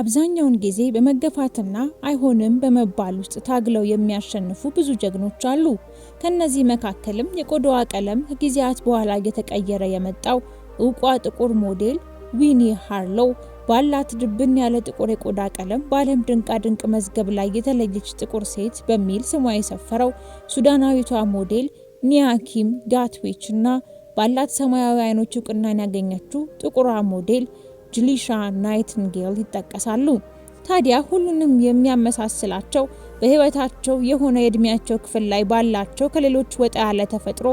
አብዛኛውን ጊዜ በመገፋትና አይሆንም በመባል ውስጥ ታግለው የሚያሸንፉ ብዙ ጀግኖች አሉ። ከነዚህ መካከልም የቆዳዋ ቀለም ከጊዜያት በኋላ እየተቀየረ የመጣው እውቋ ጥቁር ሞዴል ዊኒ ሃርሎው ባላት ድብን ያለ ጥቁር የቆዳ ቀለም በዓለም ድንቃ ድንቅ መዝገብ ላይ የተለየች ጥቁር ሴት በሚል ስሟ የሰፈረው ሱዳናዊቷ ሞዴል ኒያኪም ጋትዌች እና ባላት ሰማያዊ አይኖች እውቅናን ያገኘችው ጥቁሯ ሞዴል ጅሊሻ ናይትንጌል ይጠቀሳሉ። ታዲያ ሁሉንም የሚያመሳስላቸው በህይወታቸው የሆነ የእድሜያቸው ክፍል ላይ ባላቸው ከሌሎች ወጣ ያለ ተፈጥሮ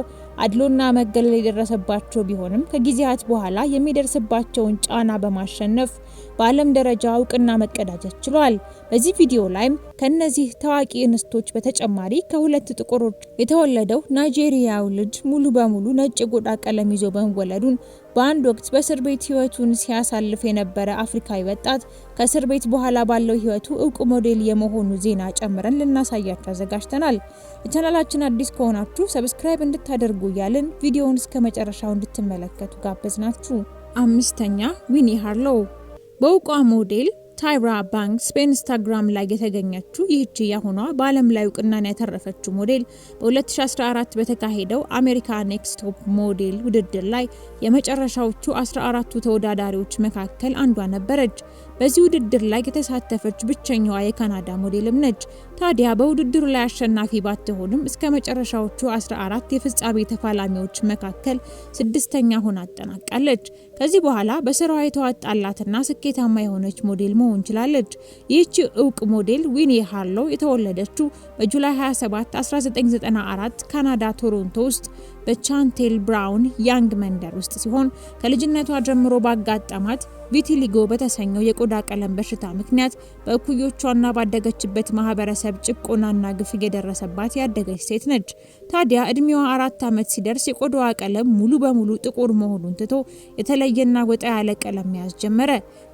አድሎና መገለል የደረሰባቸው ቢሆንም ከጊዜያት በኋላ የሚደርስባቸውን ጫና በማሸነፍ በዓለም ደረጃ እውቅና መቀዳጀት ችሏል። በዚህ ቪዲዮ ላይም ከእነዚህ ታዋቂ እንስቶች በተጨማሪ ከሁለት ጥቁሮች የተወለደው ናይጄሪያው ልጅ ሙሉ በሙሉ ነጭ የቆዳ ቀለም ይዞ በመወለዱን። በአንድ ወቅት በእስር ቤት ህይወቱን ሲያሳልፍ የነበረ አፍሪካዊ ወጣት ከእስር ቤት በኋላ ባለው ህይወቱ እውቅ ሞዴል የመሆኑ ዜና ጨምረን ልናሳያችሁ አዘጋጅተናል። ለቻናላችን አዲስ ከሆናችሁ ሰብስክራይብ እንድታደርጉ እያልን ቪዲዮውን እስከ መጨረሻው እንድትመለከቱ ጋበዝ ናችሁ። አምስተኛ ዊኒ ሃርሎው በእውቋ ሞዴል ታይራ ባንክስ በኢንስታግራም ላይ የተገኘችው ይህች ያሁኗ በዓለም ላይ እውቅናን ያተረፈችው ሞዴል በ2014 በተካሄደው አሜሪካ ኔክስት ቶፕ ሞዴል ውድድር ላይ የመጨረሻዎቹ 14ቱ ተወዳዳሪዎች መካከል አንዷ ነበረች። በዚህ ውድድር ላይ የተሳተፈች ብቸኛዋ የካናዳ ሞዴልም ነች። ታዲያ በውድድሩ ላይ አሸናፊ ባትሆንም እስከ መጨረሻዎቹ 14 የፍጻሜ ተፋላሚዎች መካከል ስድስተኛ ሆና አጠናቃለች። ከዚህ በኋላ በስራዋ የተዋጣላትና ስኬታማ የሆነች ሞዴል መሆን ችላለች። ይህቺ እውቅ ሞዴል ዊኒ ሃርሎው የተወለደችው በጁላይ 27 1994 ካናዳ ቶሮንቶ ውስጥ በቻንቴል ብራውን ያንግ መንደር ውስጥ ሲሆን ከልጅነቷ ጀምሮ ባጋጠማት ቪቲሊጎ በተሰኘው የቆዳ ቀለም በሽታ ምክንያት በእኩዮቿና ባደገችበት ማህበረሰብ ጭቆናና ግፍ እየደረሰባት ያደገች ሴት ነች። ታዲያ እድሜዋ አራት ዓመት ሲደርስ የቆዳዋ ቀለም ሙሉ በሙሉ ጥቁር መሆኑን ትቶ የተለየና ወጣ ያለ ቀለም መያዝ ጀመረ።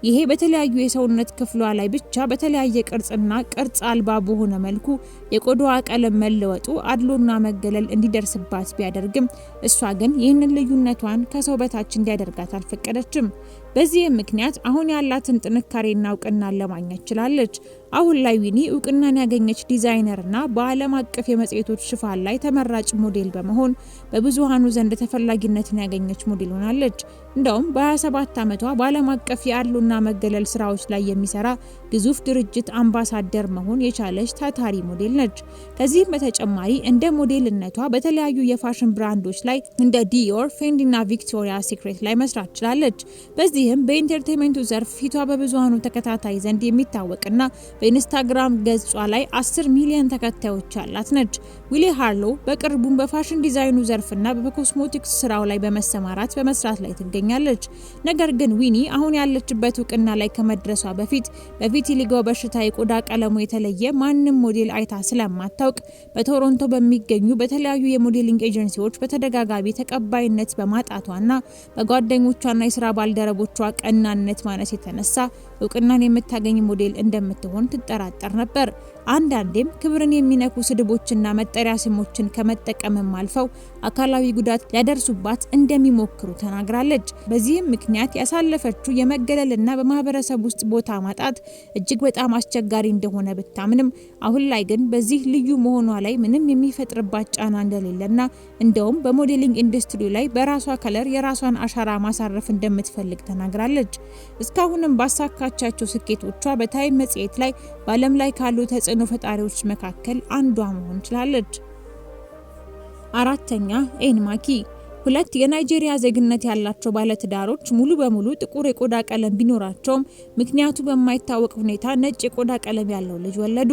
ይሄ በተለያዩ የሰውነት ክፍሏ ላይ ብቻ በተለያየ ቅርጽና ቅርጽ አልባ በሆነ መልኩ የቆዳዋ ቀለም መለወጡ አድሎና መገለል እንዲደርስባት ቢያደርግም እሷ ግን ይህንን ልዩነቷን ከሰው በታች እንዲያደርጋት አልፈቀደችም። በዚህም ምክንያት አሁን ያላትን ጥንካሬና እውቅናን ለማግኘት ችላለች። አሁን ላይ ዊኒ እውቅናን ያገኘች ዲዛይነርና በዓለም አቀፍ የመጽሔቶች ሽፋን ላይ ተመራጭ ሞዴል በመሆን በብዙሃኑ ዘንድ ተፈላጊነትን ያገኘች ሞዴል ሆናለች። እንደውም በ27 ዓመቷ በዓለም አቀፍ የአሉና መገለል ስራዎች ላይ የሚሰራ ግዙፍ ድርጅት አምባሳደር መሆን የቻለች ታታሪ ሞዴል ነች። ከዚህም በተጨማሪ እንደ ሞዴልነቷ በተለያዩ የፋሽን ብራንዶች ላይ እንደ ዲዮር፣ ፌንዲና ቪክቶሪያ ሲክሬት ላይ መስራት ችላለች። በዚህም በኢንተርቴንመንቱ ዘርፍ ፊቷ በብዙሃኑ ተከታታይ ዘንድ የሚታወቅና በኢንስታግራም ገጿ ላይ 10 ሚሊዮን ተከታዮች ያላት ነች። ዊሊ ሃርሎ በቅርቡም በፋሽን ዲዛይኑ ዘርፍና በኮስሞቲክስ ስራው ላይ በመሰማራት በመስራት ላይ ትገኛለች። ነገር ግን ዊኒ አሁን ያለችበት እውቅና ላይ ከመድረሷ በፊት በቪቲሊጎ በሽታ የቆዳ ቀለሙ የተለየ ማንም ሞዴል አይታ ስለማታውቅ በቶሮንቶ በሚገኙ በተለያዩ የሞዴሊንግ ኤጀንሲዎች በተደጋጋሚ ተቀባይነት በማጣቷና በጓደኞቿና የስራ ባልደረቦቿ ቀናነት ማነስ የተነሳ እውቅናን የምታገኝ ሞዴል እንደምትሆን ትጠራጠር ነበር። አንዳንዴም ክብርን የሚነኩ ስድቦችና መጠሪያ ስሞችን ከመጠቀምም አልፈው አካላዊ ጉዳት ሊያደርሱባት እንደሚሞክሩ ተናግራለች። በዚህም ምክንያት ያሳለፈችው የመገለልና በማህበረሰብ ውስጥ ቦታ ማጣት እጅግ በጣም አስቸጋሪ እንደሆነ ብታምንም አሁን ላይ ግን በዚህ ልዩ መሆኗ ላይ ምንም የሚፈጥርባት ጫና እንደሌለና እንደውም በሞዴሊንግ ኢንዱስትሪ ላይ በራሷ ከለር የራሷን አሻራ ማሳረፍ እንደምትፈልግ ተናግራለች። እስካሁንም ባሳካ ያሳካቻቸው ስኬቶቿ በታይም መጽሔት ላይ በዓለም ላይ ካሉ ተጽዕኖ ፈጣሪዎች መካከል አንዷ መሆን ችላለች። አራተኛ ኤን ማኪ ሁለት የናይጄሪያ ዜግነት ያላቸው ባለትዳሮች ሙሉ በሙሉ ጥቁር የቆዳ ቀለም ቢኖራቸውም ምክንያቱ በማይታወቅ ሁኔታ ነጭ የቆዳ ቀለም ያለው ልጅ ወለዱ።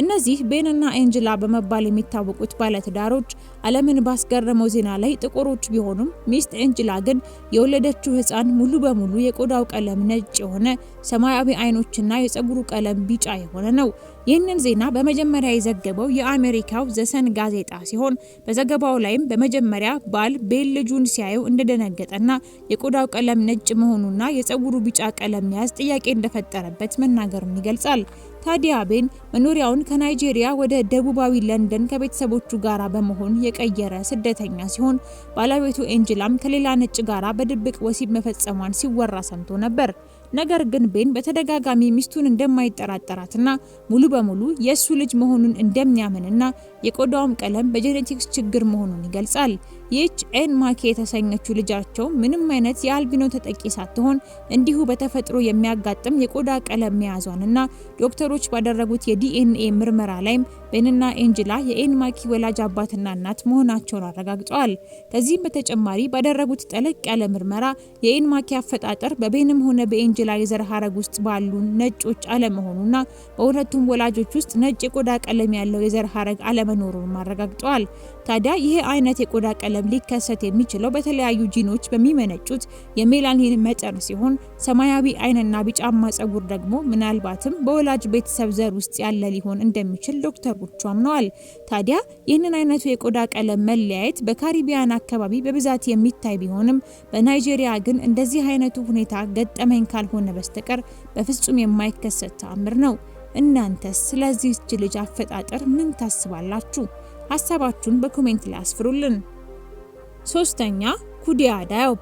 እነዚህ ቤንና ኤንጅላ በመባል የሚታወቁት ባለትዳሮች ዓለምን ባስገረመው ዜና ላይ ጥቁሮች ቢሆኑም ሚስት ኤንጅላ ግን የወለደችው ሕፃን ሙሉ በሙሉ የቆዳው ቀለም ነጭ የሆነ ሰማያዊ አይኖችና የፀጉሩ ቀለም ቢጫ የሆነ ነው። ይህንን ዜና በመጀመሪያ የዘገበው የአሜሪካው ዘሰን ጋዜጣ ሲሆን በዘገባው ላይም በመጀመሪያ ባል ቤል ልጁን ሲያየው እንደደነገጠና የቆዳው ቀለም ነጭ መሆኑና የፀጉሩ ቢጫ ቀለም መያዝ ጥያቄ እንደፈጠረበት መናገሩን ይገልጻል። ታዲያ ቤን መኖሪያውን ከናይጄሪያ ወደ ደቡባዊ ለንደን ከቤተሰቦቹ ጋራ በመሆን የቀየረ ስደተኛ ሲሆን ባለቤቱ ኤንጅላም ከሌላ ነጭ ጋራ በድብቅ ወሲብ መፈጸሟን ሲወራ ሰምቶ ነበር። ነገር ግን ቤን በተደጋጋሚ ሚስቱን እንደማይጠራጠራትና ሙሉ በሙሉ የእሱ ልጅ መሆኑን እንደሚያምንና የቆዳውም ቀለም በጄኔቲክስ ችግር መሆኑን ይገልጻል። ይህች ኤን ማኬ የተሰኘችው ልጃቸው ምንም አይነት የአልቢኖ ተጠቂ ሳትሆን እንዲሁ በተፈጥሮ የሚያጋጥም የቆዳ ቀለም መያዟንና ዶክተሮች ባደረጉት የዲኤንኤ ምርመራ ላይም ቤንና ኤንጅላ የኤን ማኪ ወላጅ አባትና እናት መሆናቸውን አረጋግጠዋል። ከዚህም በተጨማሪ ባደረጉት ጠለቅ ያለ ምርመራ የኤን ማኪ አፈጣጠር በቤንም ሆነ በኤንጅላ የዘር ሀረግ ውስጥ ባሉ ነጮች አለመሆኑና በሁለቱም ወላጆች ውስጥ ነጭ የቆዳ ቀለም ያለው የዘር ሀረግ አለመኖሩንም አረጋግጠዋል። ታዲያ ይህ አይነት የቆዳ ቀለም ሲስተም ሊከሰት የሚችለው በተለያዩ ጂኖች በሚመነጩት የሜላኒን መጠን ሲሆን ሰማያዊ አይንና ቢጫማ ጸጉር ደግሞ ምናልባትም በወላጅ ቤተሰብ ዘር ውስጥ ያለ ሊሆን እንደሚችል ዶክተሮቹ አምነዋል። ታዲያ ይህንን አይነቱ የቆዳ ቀለም መለያየት በካሪቢያን አካባቢ በብዛት የሚታይ ቢሆንም በናይጄሪያ ግን እንደዚህ አይነቱ ሁኔታ ገጠመኝ ካልሆነ በስተቀር በፍጹም የማይከሰት ተአምር ነው። እናንተስ ስለዚህች ልጅ አፈጣጠር ምን ታስባላችሁ? ሀሳባችሁን በኮሜንት ላይ አስፍሩልን። ሶስተኛ ኩዲያ ዮፕ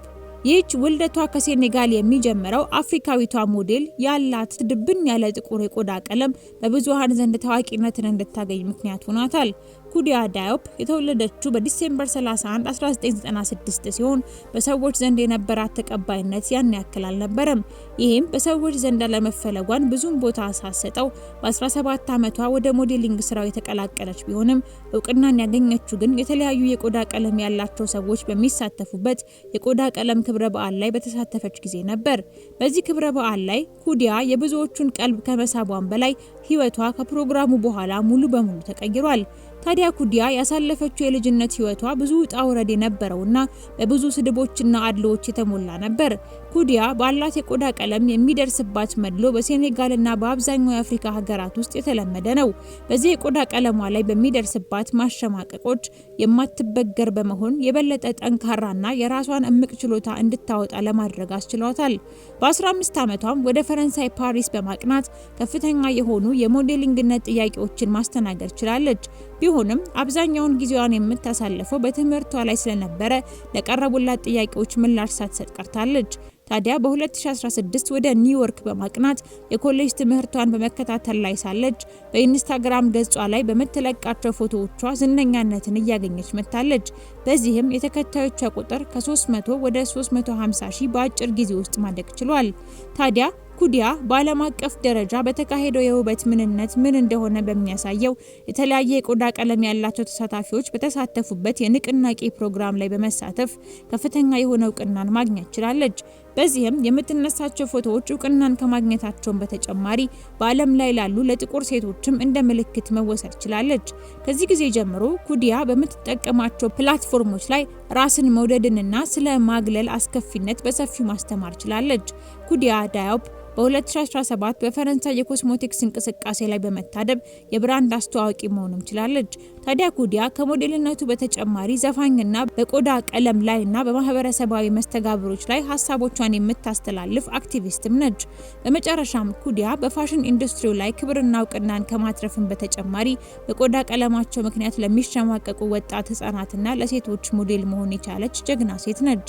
ይህች ውልደቷ ከሴኔጋል የሚጀምረው አፍሪካዊቷ ሞዴል ያላት ድብን ያለ ጥቁር የቆዳ ቀለም በብዙሀን ዘንድ ታዋቂነትን እንድታገኝ ምክንያት ሆኗታል። ኩዲያ ዳዮፕ የተወለደችው በዲሴምበር 31 1996 ሲሆን በሰዎች ዘንድ የነበራት ተቀባይነት ያን ያክል አልነበረም። ይህም በሰዎች ዘንድ አለመፈለጓን ብዙም ቦታ አሳሰጠው። በ17 ዓመቷ ወደ ሞዴሊንግ ስራው የተቀላቀለች ቢሆንም እውቅናን ያገኘችው ግን የተለያዩ የቆዳ ቀለም ያላቸው ሰዎች በሚሳተፉበት የቆዳ ቀለም ክብረ በዓል ላይ በተሳተፈች ጊዜ ነበር። በዚህ ክብረ በዓል ላይ ኩዲያ የብዙዎቹን ቀልብ ከመሳቧን በላይ ህይወቷ ከፕሮግራሙ በኋላ ሙሉ በሙሉ ተቀይሯል። ታዲያ ኩዲያ ያሳለፈችው የልጅነት ህይወቷ ብዙ ውጣ ውረድ የነበረውና በብዙ ስድቦችና አድሎዎች የተሞላ ነበር። ኩዲያ ባላት የቆዳ ቀለም የሚደርስባት መድሎ በሴኔጋልና በአብዛኛው የአፍሪካ ሀገራት ውስጥ የተለመደ ነው። በዚህ የቆዳ ቀለሟ ላይ በሚደርስባት ማሸማቀቆች የማትበገር በመሆን የበለጠ ጠንካራና የራሷን እምቅ ችሎታ እንድታወጣ ለማድረግ አስችሏታል። በ15 ዓመቷም ወደ ፈረንሳይ ፓሪስ በማቅናት ከፍተኛ የሆኑ የሞዴሊንግነት ጥያቄዎችን ማስተናገድ ችላለች። ቢሆንም አብዛኛውን ጊዜዋን የምታሳልፈው በትምህርቷ ላይ ስለነበረ ለቀረቡላት ጥያቄዎች ምላሽ ሳትሰጥ ቀርታለች። ታዲያ በ2016 ወደ ኒውዮርክ በማቅናት የኮሌጅ ትምህርቷን በመከታተል ላይ ሳለች በኢንስታግራም ገጿ ላይ በምትለቃቸው ፎቶዎቿ ዝነኛነትን እያገኘች መጥታለች። በዚህም የተከታዮቿ ቁጥር ከ300 ወደ 350 ሺህ በአጭር ጊዜ ውስጥ ማደግ ችሏል። ታዲያ ኩዲያ በዓለም አቀፍ ደረጃ በተካሄደው የውበት ምንነት ምን እንደሆነ በሚያሳየው የተለያየ የቆዳ ቀለም ያላቸው ተሳታፊዎች በተሳተፉበት የንቅናቄ ፕሮግራም ላይ በመሳተፍ ከፍተኛ የሆነ እውቅናን ማግኘት ችላለች። በዚህም የምትነሳቸው ፎቶዎች እውቅናን ከማግኘታቸውን በተጨማሪ በዓለም ላይ ላሉ ለጥቁር ሴቶችም እንደ ምልክት መወሰድ ችላለች። ከዚህ ጊዜ ጀምሮ ኩዲያ በምትጠቀማቸው ፕላትፎርሞች ላይ ራስን መውደድንና ስለ ማግለል አስከፊነት በሰፊው ማስተማር ችላለች። ኩዲያ ዳያብ በ2017 በፈረንሳይ የኮስሞቲክስ እንቅስቃሴ ላይ በመታደብ የብራንድ አስተዋዋቂ መሆኑም ችላለች። ታዲያ ኩዲያ ከሞዴልነቱ በተጨማሪ ዘፋኝና በቆዳ ቀለም ላይ እና በማህበረሰባዊ መስተጋብሮች ላይ ሀሳቦቿን የምታስተላልፍ አክቲቪስትም ነች። በመጨረሻም ኩዲያ በፋሽን ኢንዱስትሪው ላይ ክብርና እውቅናን ከማትረፍም በተጨማሪ በቆዳ ቀለማቸው ምክንያት ለሚሸማቀቁ ወጣት ህጻናትና ለሴቶች ሞዴል መሆን የቻለች ጀግና ሴት ነች።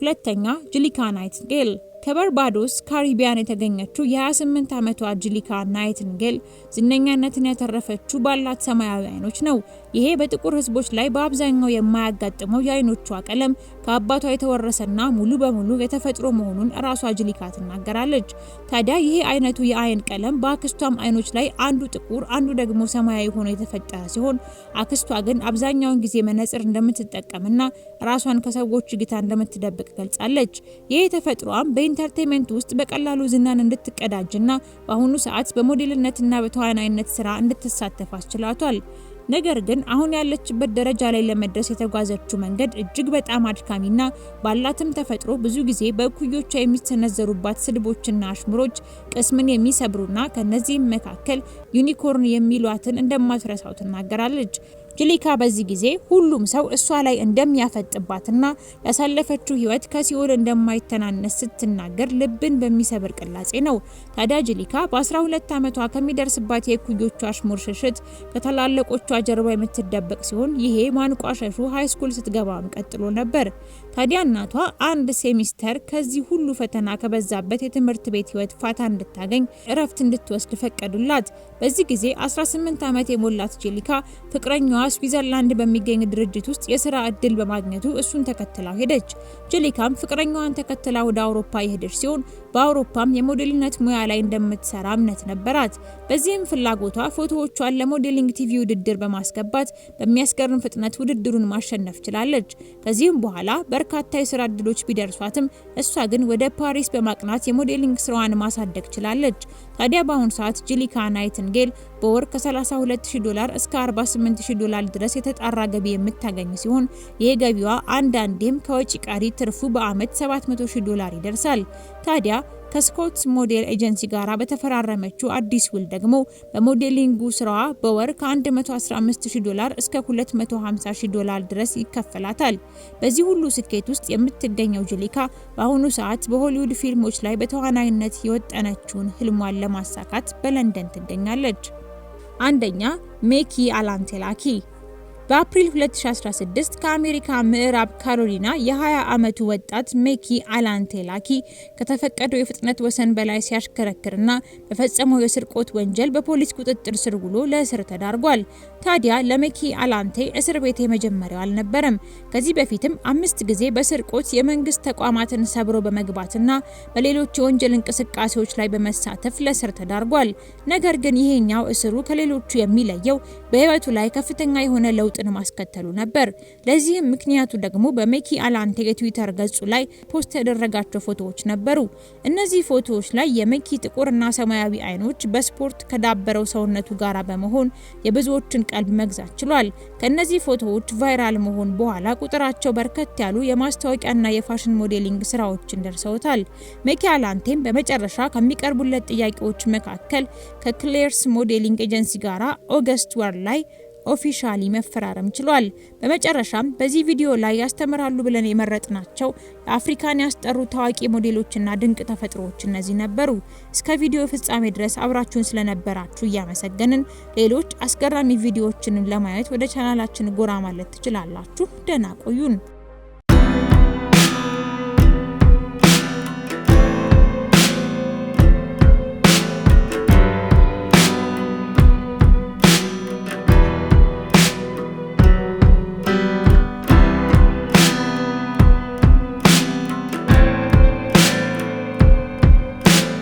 ሁለተኛ ጂሊካ ናይትጌል ከበርባዶስ ካሪቢያን የተገኘችው የ28 ዓመቷ አጅሊካ ናይትንጌል ዝነኛነትን ያተረፈችው ባላት ሰማያዊ አይኖች ነው። ይሄ በጥቁር ሕዝቦች ላይ በአብዛኛው የማያጋጥመው የአይኖቿ ቀለም ከአባቷ የተወረሰና ሙሉ በሙሉ የተፈጥሮ መሆኑን ራሷ አጅሊካ ትናገራለች። ታዲያ ይሄ አይነቱ የአይን ቀለም በአክስቷም አይኖች ላይ አንዱ ጥቁር፣ አንዱ ደግሞ ሰማያዊ ሆኖ የተፈጠረ ሲሆን አክስቷ ግን አብዛኛውን ጊዜ መነጽር እንደምትጠቀምና ራሷን ከሰዎች እይታ እንደምትደብቅ ገልጻለች። ይህ ተፈጥሯም በኢንተርቴንመንት ውስጥ በቀላሉ ዝናን እንድትቀዳጅና በአሁኑ ሰዓት በሞዴልነትና በተዋናይነት ስራ እንድትሳተፍ አስችላቷል። ነገር ግን አሁን ያለችበት ደረጃ ላይ ለመድረስ የተጓዘችው መንገድ እጅግ በጣም አድካሚና ባላትም ተፈጥሮ ብዙ ጊዜ በእኩዮቿ የሚሰነዘሩባት ስድቦችና አሽሙሮች ቅስምን የሚሰብሩና ከነዚህም መካከል ዩኒኮርን የሚሏትን እንደማትረሳው ትናገራለች። ጅሊካ በዚህ ጊዜ ሁሉም ሰው እሷ ላይ እንደሚያፈጥባትና ያሳለፈችው ህይወት ከሲኦል እንደማይተናነስ ስትናገር ልብን በሚሰብር ቅላጼ ነው። ታዲያ ጅሊካ በ12 ዓመቷ ከሚደርስባት የእኩዮቿ አሽሙር ሽሽት ከታላላቆቿ ጀርባ የምትደበቅ ሲሆን ይሄ ማንቋሸሹ ሃይስኩል ስትገባም ቀጥሎ ነበር። ታዲያ እናቷ አንድ ሴሚስተር ከዚህ ሁሉ ፈተና ከበዛበት የትምህርት ቤት ህይወት ፋታ እንድታገኝ እረፍት እንድትወስድ ፈቀዱላት። በዚህ ጊዜ 18 ዓመት የሞላት ጄሊካ ፍቅረኛዋ ስዊዘርላንድ በሚገኝ ድርጅት ውስጥ የስራ እድል በማግኘቱ እሱን ተከትላ ሄደች። ጄሊካም ፍቅረኛዋን ተከትላ ወደ አውሮፓ የሄደች ሲሆን በአውሮፓም የሞዴልነት ሙያ ላይ እንደምትሰራ እምነት ነበራት። በዚህም ፍላጎቷ ፎቶዎቿን ለሞዴሊንግ ቲቪ ውድድር በማስገባት በሚያስገርም ፍጥነት ውድድሩን ማሸነፍ ችላለች። ከዚህም በኋላ በርካታ የስራ እድሎች ቢደርሷትም እሷ ግን ወደ ፓሪስ በማቅናት የሞዴሊንግ ስራዋን ማሳደግ ችላለች። ታዲያ በአሁኑ ሰዓት ጂሊካ ናይትንጌል በወር ከ32000 ዶላር እስከ 48000 ዶላር ድረስ የተጣራ ገቢ የምታገኝ ሲሆን ይህ ገቢዋ አንዳንዴም ከወጪ ቀሪ ትርፉ በአመት 700000 ዶላር ይደርሳል። ታዲያ ከስኮትስ ሞዴል ኤጀንሲ ጋር በተፈራረመችው አዲስ ውል ደግሞ በሞዴሊንጉ ስራዋ በወር ከ115000 ዶላር እስከ 250000 ዶላር ድረስ ይከፈላታል። በዚህ ሁሉ ስኬት ውስጥ የምትገኘው ጀሊካ በአሁኑ ሰዓት በሆሊውድ ፊልሞች ላይ በተዋናይነት የወጠነችውን ህልሟን ለማሳካት በለንደን ትገኛለች። አንደኛ ሜኪ አላንቴላኪ በአፕሪል 2016 ከአሜሪካ ምዕራብ ካሮሊና የ20 ዓመቱ ወጣት ሜኪ አላንቴላኪ ከተፈቀደው የፍጥነት ወሰን በላይ ሲያሽከረክርና በፈጸመው የስርቆት ወንጀል በፖሊስ ቁጥጥር ስር ውሎ ለእስር ተዳርጓል። ታዲያ ለሜኪ አላንቴ እስር ቤት የመጀመሪያው አልነበረም። ከዚህ በፊትም አምስት ጊዜ በስርቆት የመንግስት ተቋማትን ሰብሮ በመግባትና በሌሎች የወንጀል እንቅስቃሴዎች ላይ በመሳተፍ ለእስር ተዳርጓል። ነገር ግን ይሄኛው እስሩ ከሌሎቹ የሚለየው በህይወቱ ላይ ከፍተኛ የሆነ ለውጥ ለውጥን ማስከተሉ ነበር። ለዚህም ምክንያቱ ደግሞ በሜኪ አላንቴ የትዊተር ገጹ ላይ ፖስት ያደረጋቸው ፎቶዎች ነበሩ። እነዚህ ፎቶዎች ላይ የሜኪ ጥቁርና ሰማያዊ አይኖች በስፖርት ከዳበረው ሰውነቱ ጋራ በመሆን የብዙዎችን ቀልብ መግዛት ችሏል። ከእነዚህ ፎቶዎች ቫይራል መሆን በኋላ ቁጥራቸው በርከት ያሉ የማስታወቂያና የፋሽን ሞዴሊንግ ስራዎችን ደርሰውታል። ሜኪ አላንቴም በመጨረሻ ከሚቀርቡለት ጥያቄዎች መካከል ከክሌርስ ሞዴሊንግ ኤጀንሲ ጋራ ኦገስት ወር ላይ ኦፊሻሊ መፈራረም ችሏል። በመጨረሻም በዚህ ቪዲዮ ላይ ያስተምራሉ ብለን የመረጥናቸው አፍሪካን ያስጠሩ ታዋቂ ሞዴሎችና ድንቅ ተፈጥሮዎች እነዚህ ነበሩ። እስከ ቪዲዮ ፍጻሜ ድረስ አብራችሁን ስለነበራችሁ እያመሰገንን ሌሎች አስገራሚ ቪዲዮዎችንም ለማየት ወደ ቻናላችን ጎራ ማለት ትችላላችሁ። ደህና ቆዩን።